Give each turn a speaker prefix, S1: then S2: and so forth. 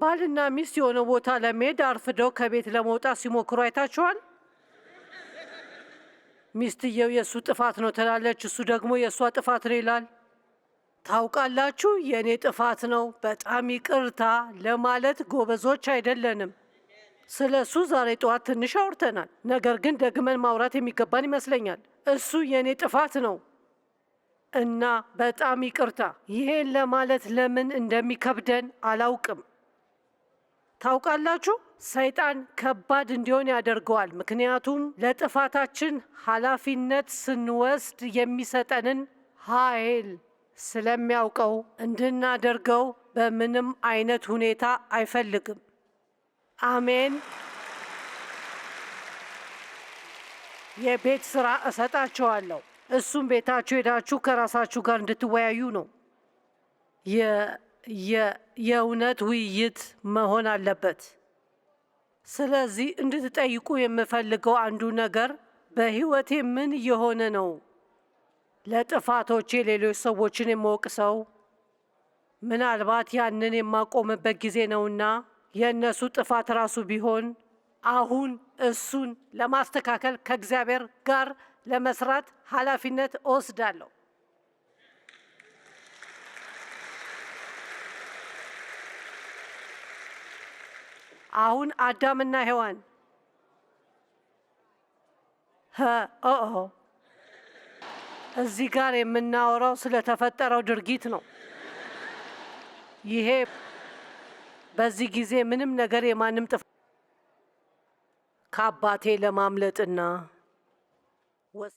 S1: ባልና ሚስት የሆነ ቦታ ለመሄድ አርፍደው ከቤት ለመውጣት ሲሞክሩ አይታችኋል። ሚስትየው የእሱ ጥፋት ነው ትላለች፣ እሱ ደግሞ የእሷ ጥፋት ነው ይላል። ታውቃላችሁ፣ የእኔ ጥፋት ነው በጣም ይቅርታ ለማለት ጎበዞች አይደለንም። ስለ እሱ ዛሬ ጠዋት ትንሽ አውርተናል፣ ነገር ግን ደግመን ማውራት የሚገባን ይመስለኛል። እሱ የእኔ ጥፋት ነው እና በጣም ይቅርታ። ይሄን ለማለት ለምን እንደሚከብደን አላውቅም። ታውቃላችሁ፣ ሰይጣን ከባድ እንዲሆን ያደርገዋል። ምክንያቱም ለጥፋታችን ኃላፊነት ስንወስድ የሚሰጠንን ኃይል ስለሚያውቀው እንድናደርገው በምንም አይነት ሁኔታ አይፈልግም። አሜን። የቤት ስራ እሰጣቸዋለሁ። እሱም ቤታችሁ ሄዳችሁ ከራሳችሁ ጋር እንድትወያዩ ነው። የእውነት ውይይት መሆን አለበት። ስለዚህ እንድትጠይቁ የምፈልገው አንዱ ነገር በህይወቴ ምን እየሆነ ነው? ለጥፋቶቼ ሌሎች ሰዎችን የምወቅሰው ምናልባት ያንን የማቆምበት ጊዜ ነውና የእነሱ ጥፋት ራሱ ቢሆን አሁን እሱን ለማስተካከል ከእግዚአብሔር ጋር ለመስራት ኃላፊነት እወስዳለሁ። አሁን አዳምና ሔዋን እዚህ ጋር የምናወራው ስለተፈጠረው ድርጊት ነው። ይሄ በዚህ ጊዜ ምንም ነገር የማንም ጥፋት ከአባቴ ለማምለጥና